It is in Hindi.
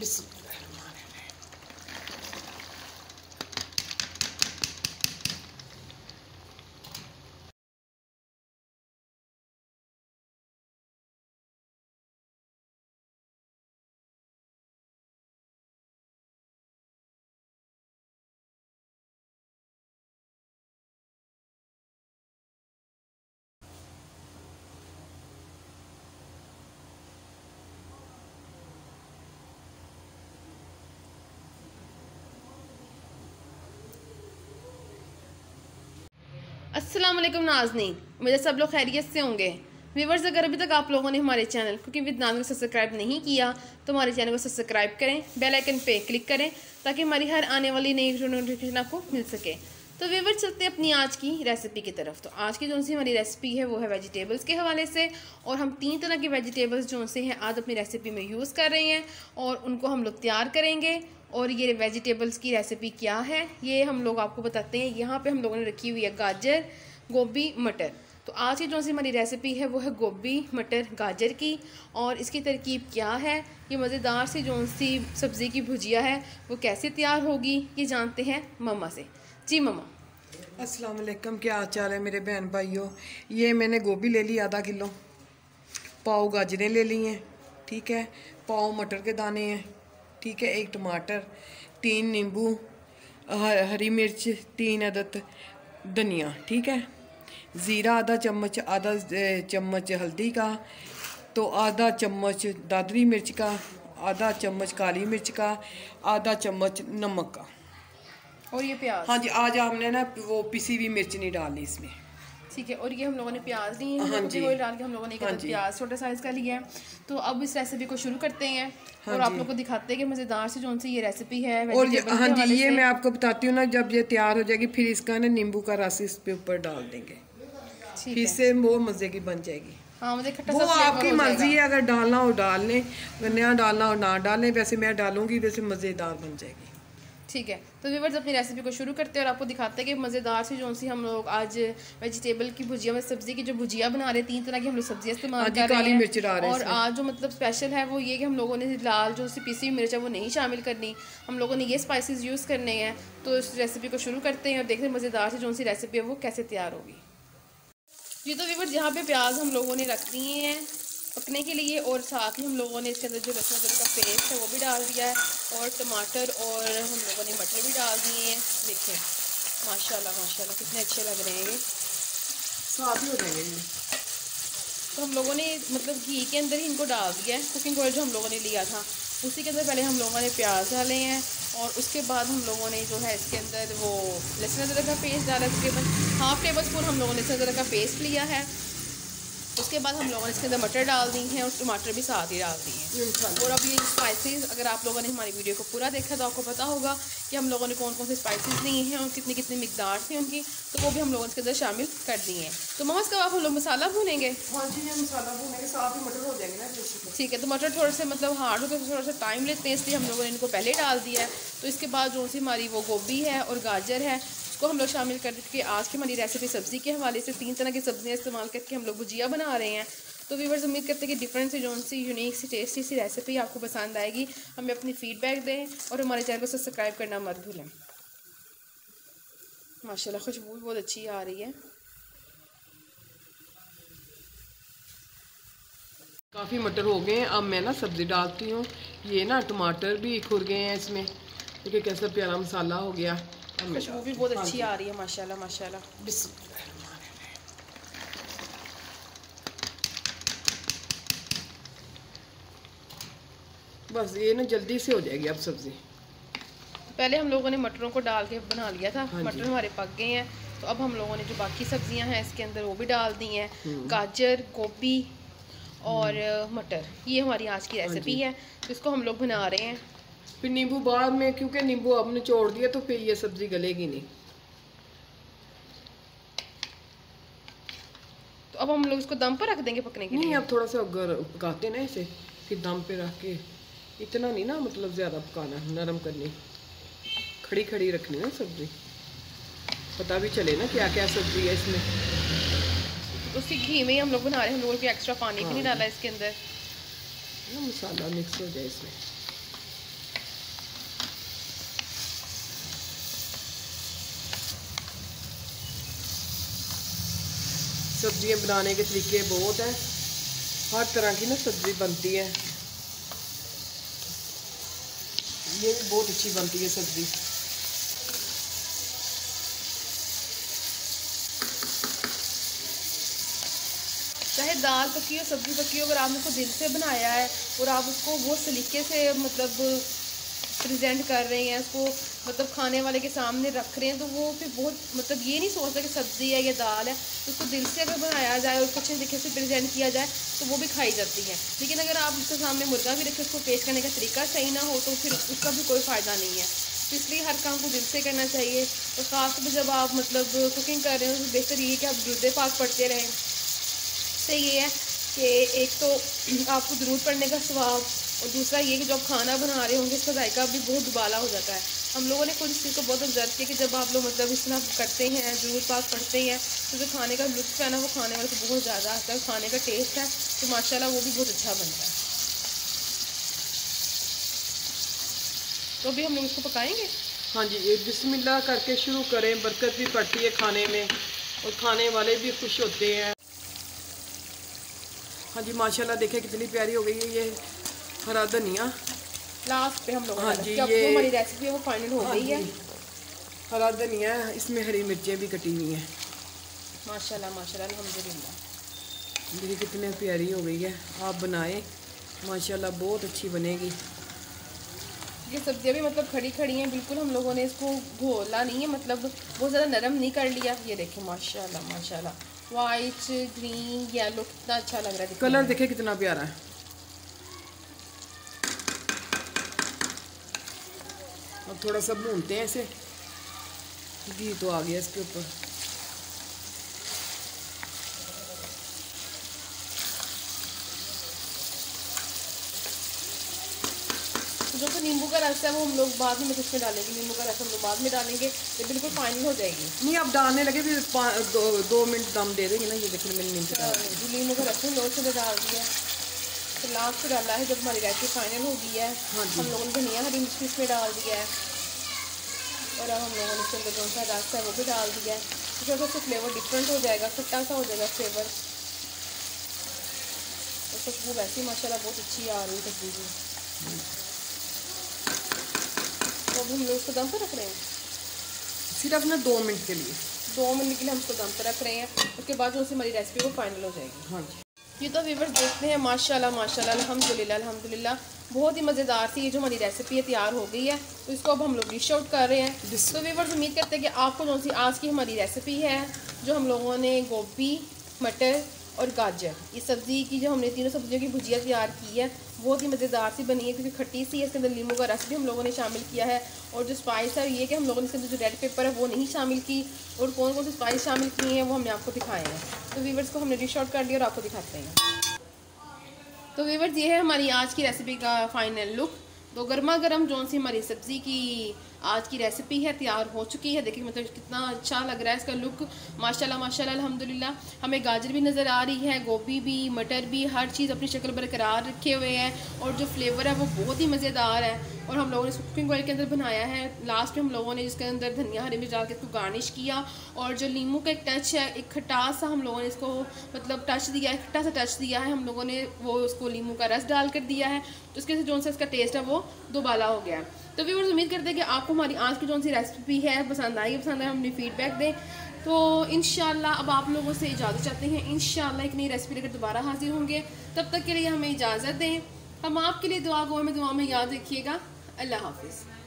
Bismillah. असलम नाजनी मेरे सब लोग खैरियत से होंगे व्यूवर्स अगर अभी तक आप लोगों ने हमारे चैनल कुकिंग विद नाजन को सब्सक्राइब नहीं किया तो हमारे चैनल को सब्सक्राइब करें बेल आइकन पे क्लिक करें ताकि हमारी हर आने वाली नई नोटिफिकेशन आपको मिल सके तो व्यूवर चलते हैं अपनी आज की रेसिपी की तरफ तो आज की जो सी हमारी रेसिपी है वो है वेजिटेबल्स के हवाले से और हम तीन तरह के वेजिटेबल्स जो से हैं आज अपनी रेसिपी में यूज़ कर रहे हैं और उनको हम लोग तैयार करेंगे और ये वेजिटेबल्स की रेसिपी क्या है ये हम लोग आपको बताते हैं यहाँ पे हम लोगों ने रखी हुई है गाजर गोभी मटर तो आज की जो सी हमारी रेसिपी है वो है गोभी मटर गाजर की और इसकी तरकीब क्या है ये मज़ेदार सी जो सी सब्ज़ी की भुजिया है वो कैसे तैयार होगी ये जानते हैं ममा से जी ममा असलम क्या हाल चाल है मेरे बहन भाइयों ये मैंने गोभी ले ली आधा किलो पाओ गाजरें ले ली हैं ठीक है पाओ मटर के दाने हैं ठीक है एक टमाटर तीन नींबू हरी मिर्च तीन अदद धनिया ठीक है ज़ीरा आधा चम्मच आधा चम्मच हल्दी का तो आधा चम्मच दादरी मिर्च का आधा चम्मच काली मिर्च का आधा चम्मच नमक का और ये प्याज हाँ जी आज हमने ना वो पिसी हुई मिर्च नहीं डालनी इसमें ठीक है और ये हम लोगों ने प्याज लिए हैं ऑयल हाँ डाल के हम लोगों ने एक हाँ प्याज छोटे साइज़ का लिया है तो अब इस रेसिपी को शुरू करते हैं हाँ और आप लोग को दिखाते हैं कि मज़ेदार से जो सी ये रेसिपी है और हाँ जी ये मैं आपको बताती हूँ ना जब ये तैयार हो जाएगी फिर इसका ना नींबू का रस इस पे ऊपर डाल देंगे फिर से वो मज़े की बन जाएगी हाँ मतलब वो आपकी मर्जी है अगर डालना हो डाल लें वरना डालना हो ना डालें वैसे मैं डालूंगी वैसे मज़ेदार बन जाएगी ठीक है तो व्यूवर्स अपनी रेसिपी को शुरू करते हैं और आपको दिखाते हैं कि मज़ेदार सी जो सी हम लोग आज वेजिटेबल की भुजिया में सब्ज़ी की जो भुजिया बना रहे तीन तरह की हम लोग सब्जियाँ इस्तेमाल कर रहे हैं और आज जो मतलब स्पेशल है वो ये कि हम लोगों ने लाल जो सी पीसी हुई मिर्च है वो नहीं शामिल करनी हम लोगों ने ये स्पाइसिस यूज़ करने हैं तो इस रेसिपी को शुरू करते हैं और देखते हैं मज़ेदार से जो सी रेसिपी है वो कैसे तैयार होगी जी तो व्यूवर्स यहाँ पे प्याज हम लोगों ने रख दिए हैं पकने के लिए और साथ ही हम लोगों ने इसके अंदर जो लहसुन अदरक का पेस्ट है वो भी डाल दिया है और टमाटर और हम लोगों ने मटर भी डाल दिए हैं देखें माशाल्लाह माशाल्लाह कितने अच्छे लग रहे हैं ये स्वाद हो जाएंगे तो हम लोगों ने मतलब घी के अंदर ही इनको डाल दिया है कुकिंग ऑयल जो हम लोगों ने लिया था उसी के अंदर पहले हम लोगों ने प्याज डाले हैं और उसके बाद हम लोगों ने जो है इसके अंदर वो लहसुन अदरक का पेस्ट डाला तकरीबन हाफ टेबल स्पून हम लोगों ने लहसुन अदरक का पेस्ट लिया है उसके बाद हम लोगों ने इसके अंदर मटर डाल दी हैं और टमाटर भी साथ ही डाल दिए हैं और अब ये स्पाइसेस अगर आप लोगों ने हमारी वीडियो को पूरा देखा तो आपको पता होगा कि हम लोगों ने कौन कौन से स्पाइसेस लिए हैं और कितनी कितनी मकदार थी उनकी तो वो भी हम लोगों ने इसके अंदर शामिल कर दिए हैं तो मोहस कब आप हम लोग मसाला भूनेंगे हाँ जी ये मसाला भूनेंगे साथ ही मटर हो जाएंगे ना ठीक है तो मटर थोड़े से मतलब हार्ड होकर थोड़ा सा टाइम लेते हैं इसलिए हम लोगों ने इनको पहले डाल दिया है तो इसके बाद जो सी हमारी वो गोभी है और गाजर है को हम लोग शामिल कर देते आज की हमारी रेसिपी सब्ज़ी के हवाले से तीन तरह की सब्ज़ियाँ इस्तेमाल करके हम लोग भुजिया बना रहे हैं तो व्यूवर्स उम्मीद करते हैं कि डिफरेंट सी जोन सी यूनिक सी टेस्टी सी रेसिपी आपको पसंद आएगी हमें अपनी फीडबैक दें और हमारे चैनल को सब्सक्राइब करना मत भूलें माशाल्लाह खुशबू बहुत अच्छी आ रही है काफ़ी मटर हो गए हैं अब मैं ना सब्ज़ी डालती हूँ ये ना टमाटर भी खुर गए हैं इसमें क्योंकि कैसा प्यारा मसाला हो गया खुशबू भी बहुत अच्छी आ रही है माशाल्लाह माशाल्लाह बस ये ना जल्दी से हो जाएगी अब सब्ज़ी पहले हम लोगों ने मटरों को डाल के बना लिया था हाँ मटर हमारे पक गए हैं तो अब हम लोगों ने जो बाकी सब्जियां हैं इसके अंदर वो भी डाल दी हैं हम्म। गाजर गोभी और हम्म। मटर ये हमारी आज की रेसिपी हाँ है तो इसको हम लोग बना रहे हैं फिर नींबू बाद में क्योंकि नींबू आपने छोड़ दिया तो फिर ये सब्ज़ी गलेगी नहीं तो अब हम लोग इसको दम पर रख देंगे पकने के नहीं, अब थोड़ा सा अगर पकाते ना इसे फिर दम पे रख के इतना नहीं ना मतलब ज़्यादा पकाना नरम करनी खड़ी खड़ी रखनी ना सब्ज़ी पता भी चले ना क्या क्या सब्ज़ी है इसमें उसी घी में ही हम लोग बना रहे हैं हम लोगों लोग एक्स्ट्रा पानी भी नहीं हाँ। डाला इसके अंदर ना मसाला मिक्स हो जाए इसमें सब्जियां बनाने के तरीके बहुत हैं हर तरह की ना सब्ज़ी बनती है ये भी बहुत अच्छी बनती है सब्ज़ी चाहे दाल पकी हो सब्ज़ी पकी हो अगर आपने उसको दिल से बनाया है और आप उसको बहुत सलीके से मतलब प्रेजेंट कर रहे हैं उसको मतलब खाने वाले के सामने रख रहे हैं तो वो फिर बहुत मतलब ये नहीं सोचता कि सब्ज़ी है या दाल है उसको दिल से अगर बनाया जाए और अच्छे तरीके से प्रेजेंट किया जाए तो वो भी खाई जाती है लेकिन अगर आप उसके सामने मुर्गा भी रखें उसको पेश करने का तरीका सही ना हो तो फिर उसका भी कोई फ़ायदा नहीं है तो इसलिए हर काम को दिल से करना चाहिए और ख़ासतौर पर जब आप मतलब कुकिंग कर रहे हो तो बेहतर ये कि आप गुरुदे पाक पढ़ते रहें तो ये है कि एक तो आपको ज़रूर पढ़ने का स्वभाव और दूसरा ये कि जब खाना बना रहे होंगे इसका जायका भी बहुत दुबाला हो जाता है हम लोगों ने खुद इस चीज़ को बहुत ऑब्जर्व किया कि जब आप लोग मतलब इस तरह करते हैं जरूर पास पढ़ते हैं तो जो खाने का लुत्फ है ना वो खाने वाले को बहुत ज़्यादा आता है खाने का टेस्ट है तो माशाला वो भी बहुत अच्छा बनता है तो अभी हम लोग इसको पकाएंगे हाँ जी बिस्मिल्लाह करके शुरू करें बरकत भी पड़ती है खाने में और खाने वाले भी खुश होते हैं हाँ जी माशाल्लाह देखें कितनी प्यारी हो गई है ये हरा धनिया लास्ट पे हम लोग हाँ जी ये हमारी रेसिपी है वो फाइनल हो हाँ गई है हरा धनिया इसमें हरी मिर्चें भी कटी हुई हैं माशाल्लाह माशाल्लाह माशा मेरी कितनी प्यारी हो गई है आप बनाए माशाल्लाह बहुत अच्छी बनेगी ये सब्जियाँ भी मतलब खड़ी खड़ी हैं बिल्कुल हम लोगों ने इसको घोला नहीं है मतलब बहुत ज़्यादा नरम नहीं कर लिया ये देखें माशाल्लाह माशाल्लाह वाइट ग्रीन येलो कितना अच्छा लग रहा है कलर देखे कितना प्यारा है अब थोड़ा सा भूनते हैं ऐसे घी तो आ गया इसके ऊपर जो तो नींबू का रस है वो हम लोग बाद में उसमें डालेंगे नींबू का रस हम लोग बाद में डालेंगे ये बिल्कुल फाइनल हो जाएगी नहीं आप डालने लगे फिर दो, दो मिनट दम दे देंगे ना ये देखिए मैंने नींबू हाँ, नींबू का रस हम लोग सुबह डाल दिया तो लास्ट डाला है जब हमारी रेसिपी फाइनल हो गई है हाँ हम लोगों ने धनिया हरी मिर्च इसमें डाल दिया है और अब हम लोगों ने इसके जो सा रस है वो भी डाल दिया है क्योंकि अगर उसका फ्लेवर डिफरेंट हो जाएगा खट्टा सा हो जाएगा फ्लेवर तो खुशबू वैसे ही माशाल्लाह बहुत अच्छी आ रही है सब्जी अब हम लोग उसको दम पर रख रहे हैं सिर्फ ना दो मिनट के लिए दो मिनट के लिए हम उसको दम पर रख रहे हैं उसके बाद जो हमारी रेसिपी वो फाइनल हो जाएगी हाँ जी ये तो वीवर्स देखते हैं माशाल्लाह माशाल्लाह अलहमदिल्ला अलहमदिल्ला बहुत ही मज़ेदार थी ये जो हमारी रेसिपी है तैयार हो गई है तो इसको अब हम लोग डिश आउट कर रहे हैं तो वीवर्स उम्मीद करते हैं कि आपको जो सी आज की हमारी रेसिपी है जो हम लोगों ने गोभी मटर और गाजर ये सब्ज़ी की जो हमने तीनों सब्ज़ियों की भुजिया तैयार की है बहुत ही मज़ेदार सी बनी है क्योंकि खट्टी सी है इसके अंदर लीमू का रस भी हम लोगों ने शामिल किया है और जो स्पाइस है ये कि हम लोगों ने इसके अंदर जो रेड पेपर है वो नहीं शामिल की और कौन कौन सी स्पाइस शामिल किए हैं वो हमने आपको दिखाए हैं तो वीवर्स को हमने डिश आउट कर दिया और आपको दिखाते हैं तो वीवर्स ये है हमारी आज की रेसिपी का फाइनल लुक तो गर्मा गर्म जौन सी हमारी सब्ज़ी की आज की रेसिपी है तैयार हो चुकी है देखिए मतलब कितना अच्छा लग रहा है इसका लुक माशाल्लाह माशाल्लाह अल्हम्दुलिल्लाह हमें गाजर भी नज़र आ रही है गोभी भी मटर भी हर चीज़ अपनी शक्ल बरकरार रखे हुए हैं और जो फ्लेवर है वो बहुत ही मज़ेदार है और हम लोगों ने इसको कुकिंग ऑयल के अंदर बनाया है लास्ट में हम लोगों ने इसके अंदर धनिया हरी मिर्च डाल के इसको गार्निश किया और जो नींबू का एक टच है एक खटास सा हम लोगों ने इसको मतलब टच दिया है खट्टा सा टच दिया है हम लोगों ने वो उसको नींबू का रस डाल कर दिया है तो उसके से जो सा इसका टेस्ट है वो दोबाला हो गया तो व्यवर्स उम्मीद करते हैं कि आपको आपको हमारी आज की कौन सी रेसिपी है पसंद आई पसंद आए हमने फीडबैक दें तो इन अब आप लोगों से इजाज़त चाहते हैं इन एक नई रेसिपी लेकर दोबारा हाजिर होंगे तब तक के लिए हमें इजाज़त दें हम आपके लिए दुआ गो में दुआ में याद रखिएगा अल्लाह हाफिज़